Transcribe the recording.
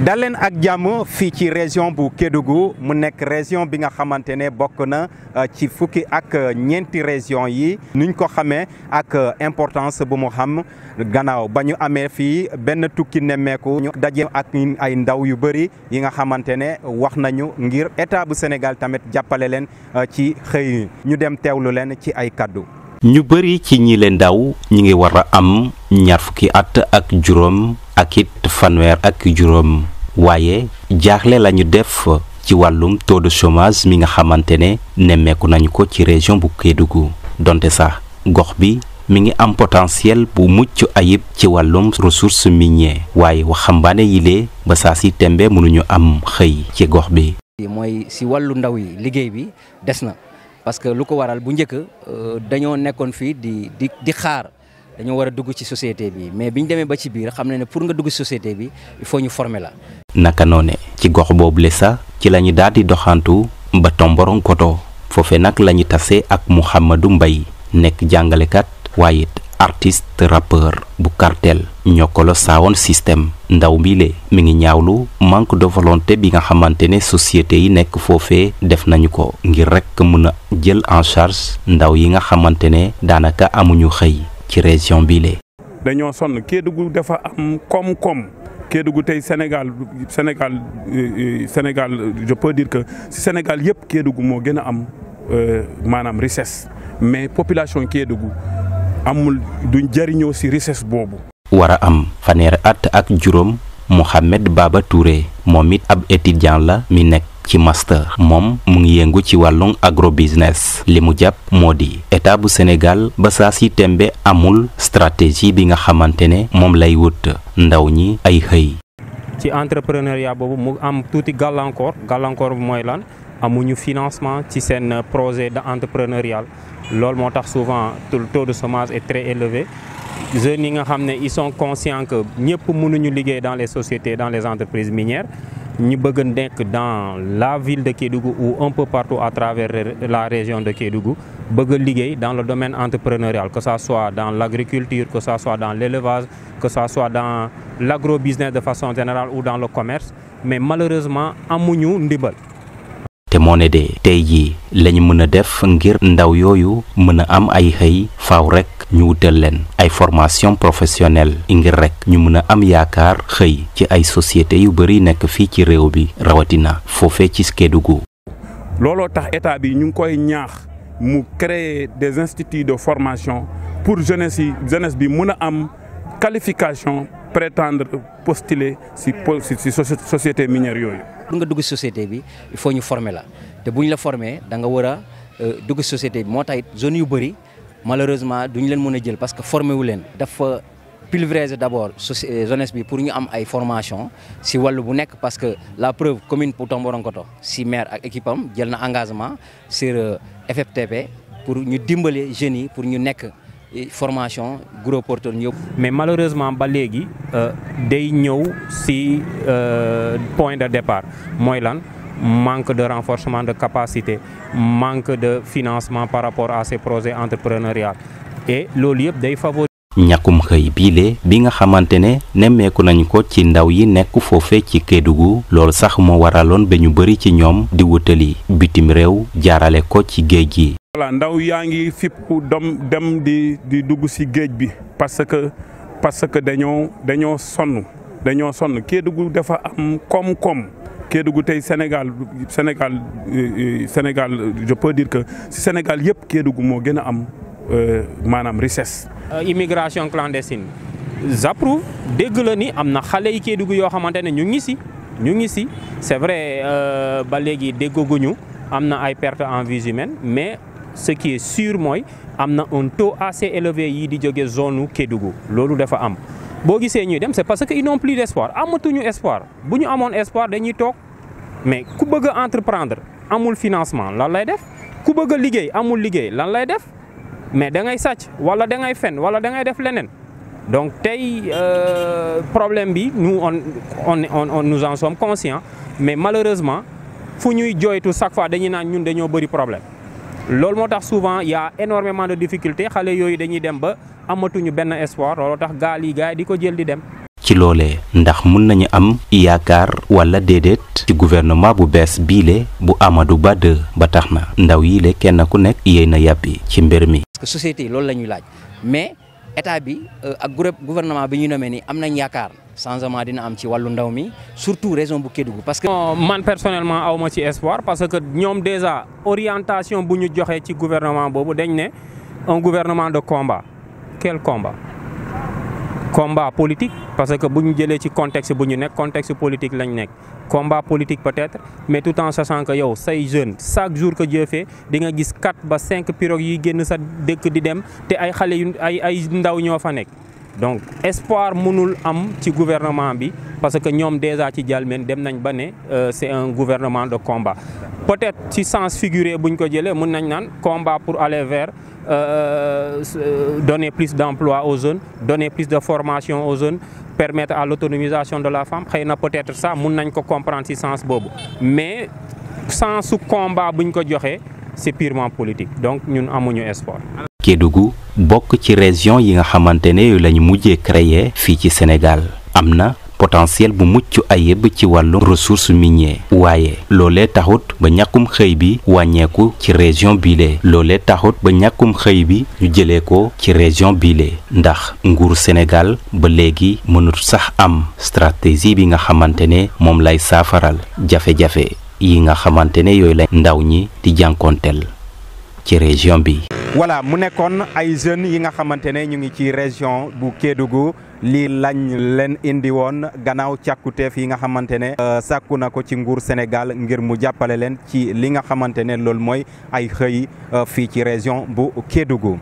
dal leen ak jàmm fii ci région bu kedugu mu nekk région bi nga xamante ne bokk na euh, ci fukki ak euh, ñeenti région yi nuñ ko xamee ak euh, importance bu mu xam gannaaw ba ñu amee fii benn tukki nemmeeku ñu daje ak ay ndaw yu bëri yi nga xamante ne wax nañu ngir état bu Sénégal tamit jàppale leen ci xëy ñu dem teewlu leen ci ay kàddu ñu bëri ci ñi leen ndaw ñi ngi war a am ñaar fukki at ak juróom ak it fanweer ak juróom waaye jaaxle lañu def ci wàllum taux de chômage mi nga xamante ne nemmeeku nañu ko ci région bu Kédougou donte sax gox bi mi ngi am potentiel bu mucc ayib ci wàllum resource minier waaye waxambaane yile ba saa si tembe mënuñu am xëy ci gox bi mooy si wàllu ndaw yi liggéey bi des na parce que lu ko waral bu njëkk euh, dañoo nekkoon fii di di di xaar dañoo war a dugg ci société bi mais bi ñu demee ba ci biir xam na ne pour nga dugg ci société bi il faut ñu former la. naka noone ci gox boobule sax ci la ñu daal di doxantu ba tomboron koto foofe nag la ñu tase ak Mouhamadou mbay nekk jàngalekat waaye it artiste rappeur bu cartel ñokkolo saawoon système ndaw bi le mi ngi ñaawlu manque de volonté bi nga xamante ne société yi nekk foofee def nañu ko ngir rekk mën a jël en charge ndaw yi nga xamante ne daanaka amuñu xëy ci région bile. dañoo sonn Kédougou dafa am koom-koom Kédougou tey Sénégal Sénégal euh, euh, Sénégal je peux dire que si Sénégal yëpp Kédougou moo gën a am euh, maanaam richesse mais population Kédougou amul duñ jëriñoo si richesse boobu. war a am fanweeri at ak juróom Mouhamed Baba Touré moom it ab étudiant la mi nekk. ci master moom mu ngi yëngu ci wàllum agro business li mu jàpp moo di état bu Sénégal ba saa tembe amul stratégie bi nga xamante ne moom lay wut ndaw ñi ay xëy. ci entrepreneuriat boobu mu am tuuti gàllankoor gàllankoor bi mooy lan amuñu financement ci seen projet d'entrepreneurial loolu moo tax souvent le taux de chômage est très élevé. jeunes yi nga xam ne ils sont conscients que ñëpp mënuñu liggéey dans les sociétés dans les entreprises minières ñi bëgg nekk dans la ville de Kédougou ou un peu partout à travers la région de Kédougou bëgg liggéey dans le domaine entrepreneurial que ça soit dans l'agriculture que ça soit dans l'élevage que ça soit dans l'agrobusiness de façon générale ou dans le commerce mais malheureusement amuñu ndibal te moo ne de tey jii lañu mën a def ngir ndaw yooyu mën a am ay xëy faw rek ñu wutal leen ay formation professionnelle ingir rek ñu mën a am yaakaar xëy ci ay société yu bëri nekk fii ci réew bi rawatina foofee ci Kédougou looloo tax état bi ñu ngi koy ñaax mu créer des instituts de formation pour jeunesse yi bi mën a am qualification prétendre postuler si si société minière yooyu. pour nga dugg société bi il faut ñu former la te bu ñu la former danga nga war a euh, dugg société bi moo tax it zone yu bëri malheureusement duñ leen mën a jël parce que formé wu leen dafa. pulvériser d'abord euh, jeunesse bi pour ñu am ay formation si wallu bu nekk parce que la preuve commune pour Tomboronkoto si maire ak équipe am jël na engagement sur euh, FFTP pour ñu dimbale jeunes yi pour ñu nekk formation gros porteur mais malheureusement ba léegi euh, day ñëw ci euh, point de départ mooy lan manque de renforcement de capacité manque de financement par rapport à ces projets entrepreneurial et loolu yëpp day favoriser. ñàkkum xëy biile bi nga xamante ne nemmeeku nañu ko ci ndaw yi nekk foofe ci Kédougou loolu sax moo waraloon ba ñu bëri ci ñoom di wutali bitim réew jaarale ko ci géej gi. voilà ndaw yaa ngi fippu dem dem di di dugg si géej bi parce que parce que dañoo dañoo sonn dañoo sonn Kédougou defa am koom-koom Kédougou tey Sénégal Sénégal euh, euh, Sénégal je peux dire que ci Sénégal yëpp Kédougou moo gën a am euh, maanaam richesse. immigration clandestine j'approuve dégg la ni am na xale yi Kédougou yoo xamante ne ñu ngi ci ñu ngi ci c'est vrai ba léegi déggaguñu am na ay perte en vies mais. ce qui est sûr mooy am na un taux assez élevé yii di jóge zone nu Kédougou loolu dafa am. boo gisee ñuy dem c'est parce que ils n'ont plus d'espoir amatuñu espoir bu ñu amoon espoir dañuy toog mais ku bëgg a entreprendre amul financement lan lay def ku bëgg a liggéey amul liggéey lan lay def mais dangay ngay sàcc wala da ngay fen wala da ngay def leneen. donc tey euh, problème bi nous on on on nous en sommes conscients mais malheureusement fu ñuy jooytu chaque fois dañuy naan ñun dañoo bëri problème. loolu moo tax souvent y' a énormément de difficultés xale yooyu dañuy dem ba amatuñu benn espoir looloo tax gaal yi gars di ko jël di dem. ci loolee ndax mun nañu am yaakaar wala déedéet ci gouvernement bu bees biile bu Amadou Ba ba tax na ndaw yi le kenn ku nekk yéey na yàppi ci mbir mi. parce que société loolu la ñuy laaj mais état bi euh, ak gouvernement bi ñu nemee nii am nañ yaakaar. changement dina am ci wàllu ndaw mi surtout région bu Kédougou parce que. Euh, man personnellement aw ma ci espoir parce que ñoom déjà orientation bu ñu joxee ci gouvernement boobu dañ ne un gouvernement de combat quel combat. combat politique parce que bu ñu jëlee ci contexte bu ñu nekk contexte politique lañ nekk combat politique peut-être mais tout en sachant que yow say jeune chaque jour que Dieu fait di nga gis quatre ba cinq pirogues yi génn sa dëkk di dem te ay xale yu ay ay ndaw ñoo fa nekk. donc espoir munul am ci gouvernement bi parce que ñoom déjà ci Dialmen dem nañ ba ne euh, c'est un gouvernement de combat peut-être ci sens figuré buñ ko jëlee mun nañ naan combat pour aller vers euh, euh, donner plus d'emploi aux jeunes donner plus de formation aux jeunes permettre à l'autonomisation de la femme xëy na peut-être ça mën nañ ko comprendre ci sens boobu mais sensu combat buñ ko joxe c'est purement politique donc ñun amuñu espoir Kédougou bokk ci région yi nga xamante ne lañu mujjee créer fii ci Sénégal am na potentiel bu mucc ayib ci wàllu ressource minier waaye loole taxut ba ñàkkum xëy bi wàññeeku ci région biile loolee taxut ba ñàkkum xëy bi ñu jëlee ko ci région biile ndax nguur Sénégal ba léegi mënut sax am stratégie bi nga xamante ne moom lay saafaral jafe-jafe yi nga xamante ne yooyu la ndaw ñi di jànkoonteel ci région bi. voilà mu nekkoon ay jeunes yi nga xamante ne ñu ngi ci région bu Kédougou lii lañ leen indi woon gannaaw càkkuteef yi nga xamante ne euh, sàkku na ko ci nguur Sénégal ngir mu jàppale leen ci li nga xamante ne loolu mooy ay xëy euh, fii ci région bu Kédougou.